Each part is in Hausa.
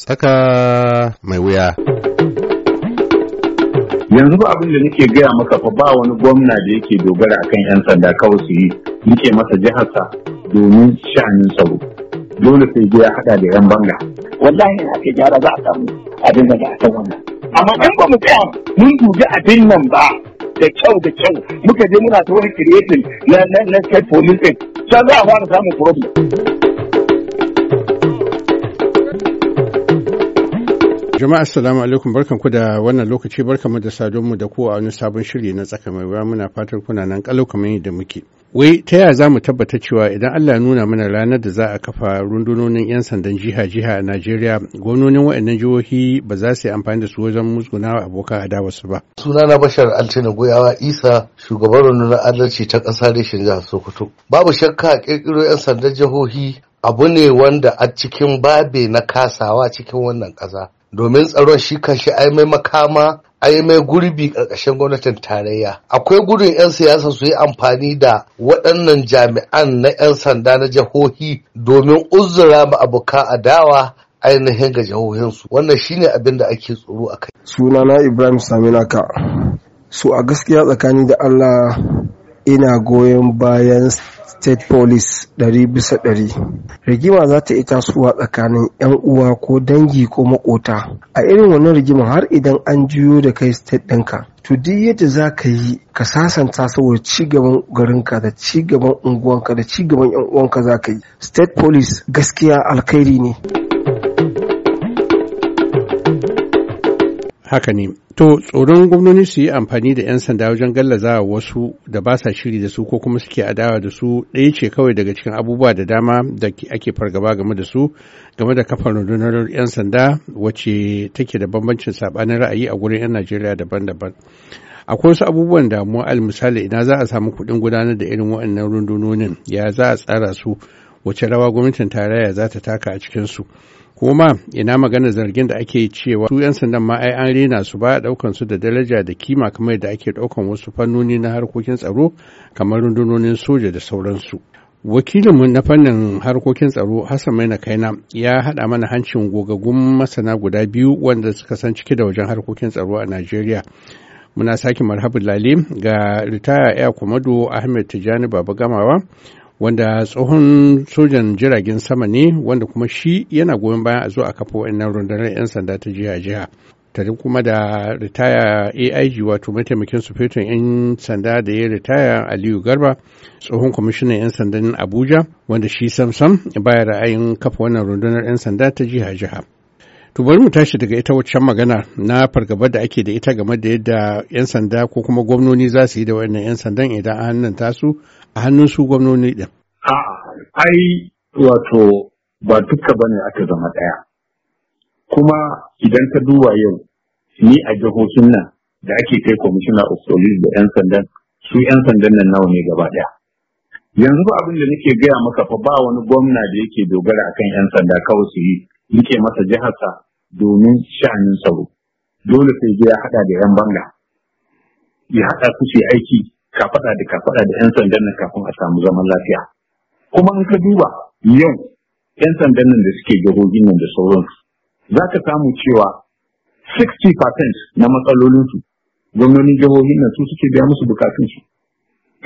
Tsaka mai wuya. Yanzu ba abin da nake gaya maka fa ba wani gwamna da yake dogara akan 'yan sanda kawai su yi nike masa jiharsa domin sha'anin tsaro. Dole sai ya haɗa da 'yan banga. Wallahi na ke gyara za a samu abin da za a wannan. Amma in ba mu tsaya mun dubi abin nan ba da kyau da kyau muka je muna ta wani creating na na na state police za a fara samun problem. Jama'a assalamu alaikum ku da wannan lokaci barkanmu da mu da kowa wani sabon shiri na tsaka mai ruwa muna fatan kuna nan kalau kamar yadda muke. Wai ta yaya za mu tabbata cewa idan Allah ya nuna mana ranar da za a kafa rundunonin 'yan sandan jiha-jiha a Najeriya gwamnonin waɗannan jihohi ba za su yi amfani da su wajen musgunawa abokan su ba. Sunana Bashar Altina Goyawa Isa shugaban rundunar adalci ta ƙasa reshen jihar Sokoto. Babu shakka a ƙirƙiro 'yan sandan jihohi abu ne wanda a cikin babe na kasawa cikin wannan ƙasa domin tsaron shi kanshi ai mai makama ai mai gurbi ƙarƙashin gwamnatin tarayya akwai gudun 'yan siyasa su yi amfani da waɗannan jami'an na 'yan sanda na jihohi domin uzura ma abokan adawa ainihin ga jihohinsu wannan shine abin da ake tsoro a kai sunana ibrahim saminaka su a gaskiya tsakani da allah ina goyon bayan state police ɗari bisa ɗari. Rigima za ta yi tasowa tsakanin 'yan uwa ko dangi ko makota. A irin wannan rigima har idan an juyo da kai state ɗinka. To duk yadda za ka yi ka sasanta saboda cigaban garinka da cigaban unguwanka da cigaban 'yan uwanka za ka yi. State police gaskiya alkhairi ne. haka ne to tsoron gwamnoni su yi amfani da 'yan sanda wajen gallaza wasu da ba sa shiri da su ko kuma suke adawa da su ɗaya ce kawai daga cikin abubuwa da dama da ake fargaba game da su game da kafar rundunar 'yan sanda wacce take da bambancin sabanin ra'ayi a gurin 'yan najeriya daban-daban akwai wasu abubuwan damuwa al misali ina za a samu kuɗin gudanar da irin waɗannan rundunonin ya za a tsara su wace rawa gwamnatin tarayya za ta taka a cikinsu Koma ina maganar zargin da ake cewa su 'yan sandan ma ai an rena su ba daukan su da daraja da kima kamar da ake daukan wasu fannoni na harkokin tsaro kamar rundunonin soja da sauransu. Wakilinmu na fannin harkokin tsaro Hassan Maina Kaina ya haɗa mana hancin gogagun masana guda biyu wanda suka san cike da wajen harkokin tsaro a Najeriya. Muna sake marhabin lale ga ritaya Air Komodo Ahmed Tijjani Baba Gamawa wanda tsohon sojan jiragen sama ne wanda kuma shi yana goyon bayan a zo a kafa wannan rundunar 'yan sanda ta jiha-jiha tare kuma da ritaya aig wato mataimakin sufetin 'yan sanda da ya ritaya aliyu garba tsohon kwamishinan 'yan sandan abuja wanda shi samsam baya ra'ayin kafa wannan rundunar 'yan sanda ta jiha-jiha to bari mu tashi daga ita waccan magana na fargaba da ake da ita game da yadda 'yan sanda ko kuma gwamnoni za su yi da wannan 'yan sandan idan a hannun tasu a hannun su gwamnoni ɗin? a'a ai wato ba duka bane aka zama ɗaya kuma idan ka duba yau ni a jihohin nan da ake kai kwamishina of police da 'yan sandan su 'yan sandan nan nawa ne gaba ɗaya yanzu ba abin da nake gaya maka fa ba wani gwamna da yake dogara akan 'yan sanda kawai su yi nike masa sa domin sha'anin tsaro dole sai ya haɗa da 'yan banga ya haɗa su su aiki ka faɗa da ka faɗa da 'yan sandan nan kafin a samu zaman lafiya kuma in ka duba yau 'yan sandan nan da suke jihohin nan da sauransu za ka samu cewa 60% na matsalolinsu gwamnonin jihohin nan su suke biya musu bukatunsu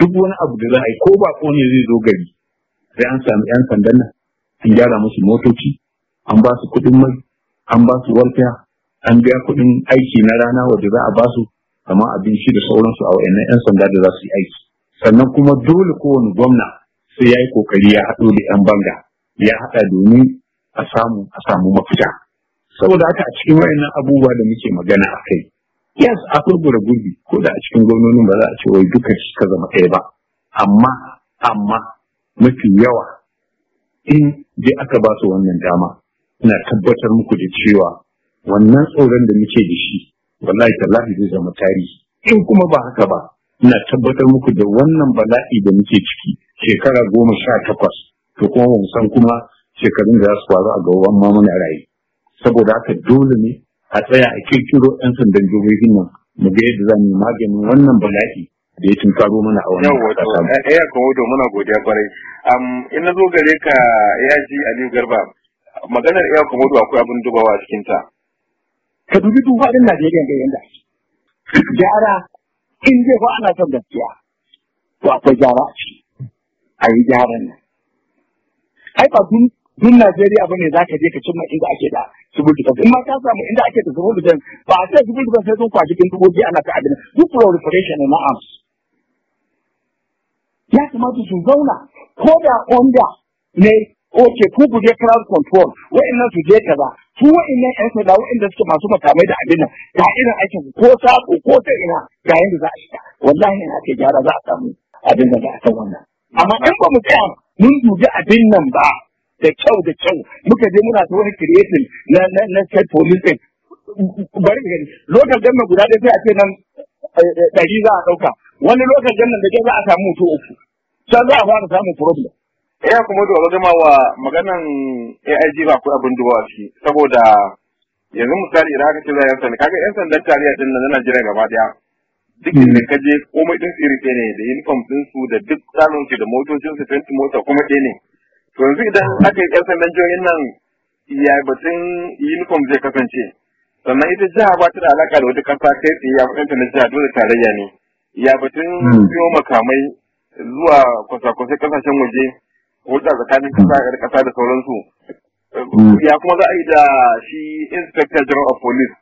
duk wani abu da za a yi ko bako ne zai zo gari sai an sami 'yan sandan nan an gyara musu motoci an ba su kuɗin mai an ba su walfiya an biya kuɗin aiki na rana wanda za a ba su kamar abinci da sauransu a wayannan 'yan sanda da za su yi aiki sannan kuma dole kowane gwamna sai ya yi kokari ya haɗo da 'yan banga ya haɗa domin a samu a samu mafita saboda haka a cikin wayannan abubuwa da muke magana a kai yes akwai gura gurbi ko da a cikin gwamnonin ba za a ce wai duka ka zama ɗaya ba amma amma mafi yawa in je aka ba su wannan dama ina tabbatar muku da cewa wannan tsoron da muke da shi wallahi tallafi zai zama tarihi in kuma ba haka ba ina tabbatar muku da wannan bala'i da muke ciki shekara goma sha takwas to kuma ba san kuma shekarun da za su faru a gaban ma muna raye saboda haka dole ne a tsaya a kirkiro 'yan sandan jihohin nan mu ga yadda za mu yi maganin wannan bala'i da ya tunkaro mana a wannan yawa ya kuma wato muna godiya kwarai in na zo gare ka yaji Aliyu Garba maganar ya kuma akwai abin dubawa a cikin ta ka dubi duk faɗin Najeriya ga yanda gyara in zai fa ana son gaskiya to akwai gyara a ciki a yi gyaran nan ai ba dun Najeriya ba ne za ka je ka cimma inda ake da civil defense in ma ka samu inda ake da civil defense ba a ce civil defense sai sun kwashi kin dubobi ana ta abin duk proliferation na arms ya kamata su zauna ko da onda ne oke ku guje crowd control nan su je ba. su wa'annan yan sanda wa'anda suke masu makamai da abin nan ga irin aikin ko sako ko ta ina ga yanda za a shiga wallahi ina ce gyara za a samu abin nan da za a san wannan amma in ba mu tsaya mun dubi abin nan ba da kyau da kyau muka je muna ta wani kiretin na na na state police din bari ka gani local government guda da sai a ce nan eh, eh, ɗari za a ɗauka wani local gannan da ke za a samu mutu uku sai za a fara samun problem ya kuma da gama wa maganan AIG ba akwai abin duba a ciki saboda yanzu misali idan aka ce za yan sanda kaga yan sandan tarayya din nan na jira gaba daya duk inda ka je komai din iri ɗaya ne da uniform din su da duk tsarin su da motocin su fenti mota kuma ɗaya ne to yanzu idan aka yi yan sandan jihohin nan ya batun uniform zai kasance sannan ita jiha ba ta da alaka da wata kasa kai tsaye ya kuɗin na jiha dole tarayya ne ya batun hmm. siyo makamai zuwa kwasa-kwasai kasashen waje hulɗa tsakanin kasa da kasa da sauransu mm. ya kuma za a yi da shi inspector general of police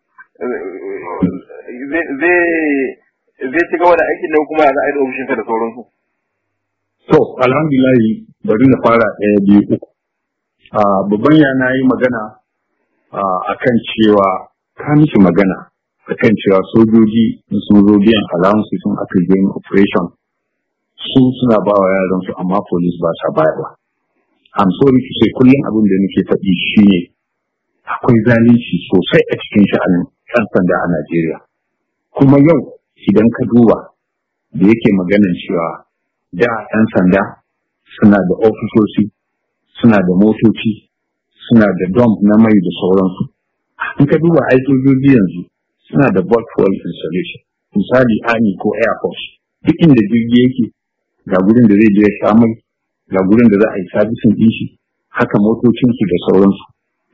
zai ci gaba da aikin da kuma za a yi da ofishinsa da sauransu to alhamdulillahi bari na fara ɗaya biyu uku babban yana yi magana a kan cewa ta mishi magana a kan cewa sojoji sun zo biyan allowance sun aka operation su suna bawa wa yaransu amma police ba sa bayarwa I'm sorry to say kullum abin da nake faɗi shine akwai zalunci sosai a cikin sha'anin ɗan sanda a Najeriya kuma yau idan ka duba da yake maganan cewa da ɗan sanda suna da ofisoshi suna da motoci suna da dom na mai da sauransu in ka duba aikojoji yanzu suna da bulk fuel installation misali army ko air duk inda jirgi yake ga gurin da zai je samun ga gurin da za a yi sabisin din shi haka motocinsu da sauransu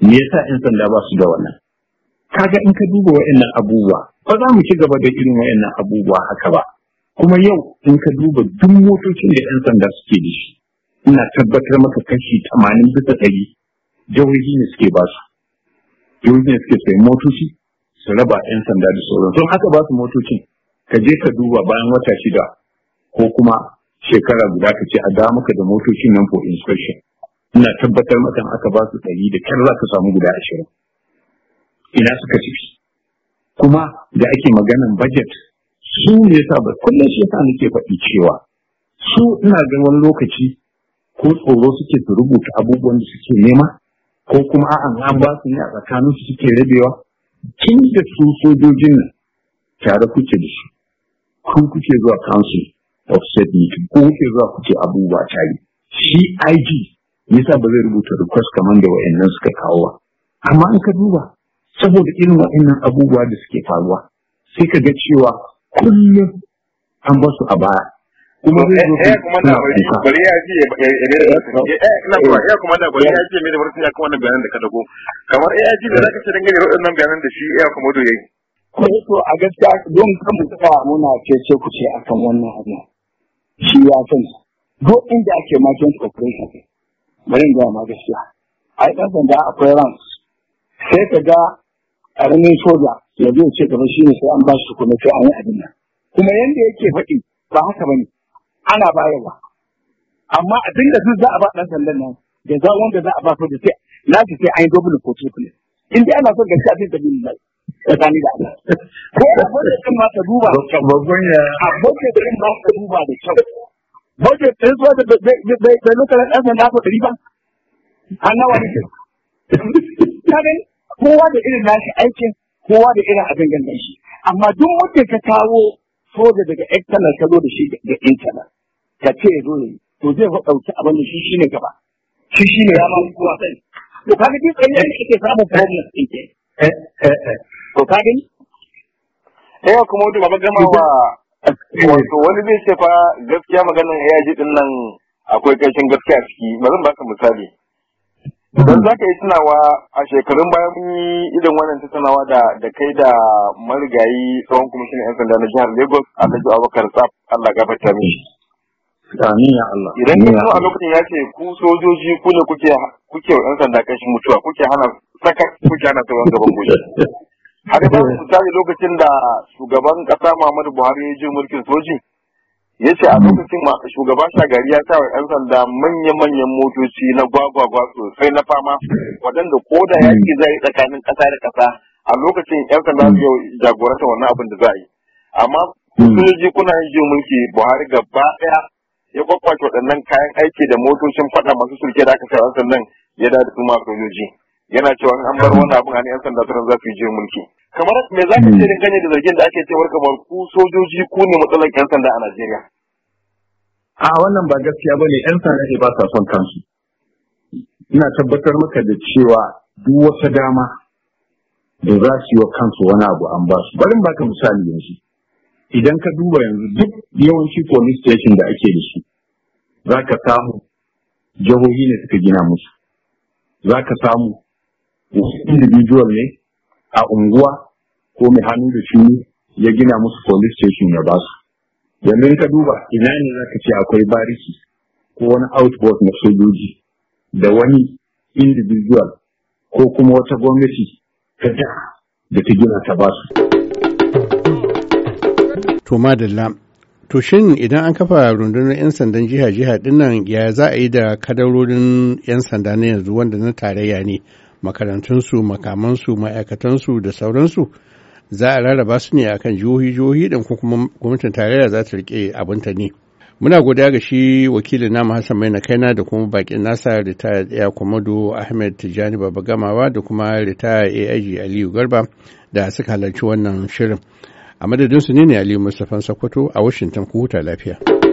me yasa 'yan sanda ba su da wannan kaga in ka duba wa'annan abubuwa ba za mu ci gaba da irin wa'annan abubuwa haka ba kuma yau in ka duba duk motocin da 'yan sanda suke da shi ina tabbatar maka kashi tamanin bisa ɗari jihohi ne suke ba su ne suke sayi motoci su raba 'yan sanda da sauran don haka ba su motocin ka je ka duba bayan wata shida ko kuma shekara guda ka ce a da maka da motocin nan for inspection ina tabbatar maka aka ba su ɗari da kyar za ka samu guda ashirin ina suka tafi kuma da ake maganan budget su ne yasa ba kullum shi yasa nake faɗi cewa su ina ga wani lokaci ko tsoro suke su rubuta abubuwan da suke nema ko kuma a'a an ba su ne a tsakanin su suke rabewa tun da su sojojin nan tare kuke da su kun kuke zuwa kansu of sadiq ko ke zuwa kuke abubuwa yi shi IG yasa ba zai rubuta request kamar da wayannan suka kawo ba amma an ka duba saboda irin wayannan abubuwa da suke faruwa sai ka ga cewa kullum an ba su a baya kuma zai zo ya eh, eh, kuma da bari ya ji ya kuma da eh, bari ya ji mai da wurin ya kuma wannan bayanan da ka dago kamar ya ji da zaka ce dangane wannan bayanan da shi ya kuma do yayi ko to a gaskiya don kan mutaka muna ce ce ku ce akan wannan abu shi ya san go inda ake makin corporation bari in gaya ma gaskiya ai ɗan sanda akwai ranks sai ka ga ƙaramin soja ya zo ce gaba shi ne sai an ba shi kuma sai an yi abin nan kuma yanda yake faɗi ba haka ba ne ana bayarwa amma abin da za a ba ɗan sandan nan da za wanda za a ba soja sai na sai an yi double for triple in dai ana son gaskiya sai da bin tsakani da Allah. Ko abokin ma ta duba. Abokin din ma ta duba da kyau. Budget din zuwa da bai lokacin ɗan sanda ko ɗari ba. An nawa ne. Kaga kowa da irin nashi aikin kowa da irin abin gan shi. Amma duk wanda ka kawo soja daga external ka zo da shi da internal. Ka ce ya zo ne. To zai ɗauki abin da shi shine gaba. Shi shine ya ma kowa sani. To kaga duk tsayin da ake samun problem ɗin ke. Eh, eh, eh. to ka gani yawa eh, kuma wato baba gama wa wato wani zai ce fa gaskiya maganin AIG din nan akwai kashin gaskiya ciki ba zan baka misali don za ka yi tunawa a shekarun bayan mun yi irin wannan tattaunawa da da kai da marigayi tsohon kwamishinan 'yan sanda na jihar lagos alhaji abubakar tsaf allah gafarta mishi Idan ka a lokacin ya ce ku sojoji ku ne kuke kuke 'yan sanda kashin mutuwa kuke hana saka kuke hana sauran gaban goshi. Har ta eh. misali lokacin da shugaban ƙasa Muhammadu Buhari ya je mulkin soji, ya ce a mm. lokacin shugaban shagari ya wa 'yan sanda manya-manyan motoci na gwagwagwa sosai na fama waɗanda ko da mm. yaƙi zai tsakanin ƙasa da kasa a lokacin 'yan sanda mm. su yau jagoranta wannan abin da za yi. Amma sojoji kuna yin jin mulki Buhari gaba ɗaya ya kwakwace waɗannan kayan aiki da motocin faɗa masu sulke da aka sa 'yan sandan ya da su ma sojoji. Yana cewa an bar wani abin a 'yan sanda su za su mulki. kamar me za ka ce hmm. dangane da zargin da ake cewar kamar ku sojoji ku ne matsalar yan sanda a Najeriya a wannan ba gaskiya ba ne yan sanda ne ba sa son kansu ina tabbatar maka da cewa duk wata dama da za su yi wa kansu wani abu an ba su bari baka misali yanzu idan ka duba yanzu duk yawanci police station da ake da shi. za ka samu jihohi ne suka gina musu za ka samu individual ne a unguwa ko mai hannu da shi ya gina musu police station ya basu yanzu ka duba ina ne za ka ce akwai bariki ko wani outboard na sojoji da wani individual ko kuma wata gwamnati ta da da ta gina ta su? To madalla, to shin idan an kafa rundunar 'yan sandan jiha-jiha dinnan ya za a yi da kadarorin 'yan sanda na yanzu wanda na tarayya ne makarantunsu makamansu ma'aikatansu da sauransu za a rarraba su ne akan jihohi-jihohi ɗin ko kuma gwamnatin tarayya za ta rike abinta ne muna godiya ga shi wakilin namu hassan mai na kaina da kuma bakin nasa ritaya ya komodo ahmed tijjani baba gamawa da kuma ritaya aig aliyu garba da suka halarci wannan shirin a madadinsu ne ne aliyu mustapha sokoto a washington ku huta lafiya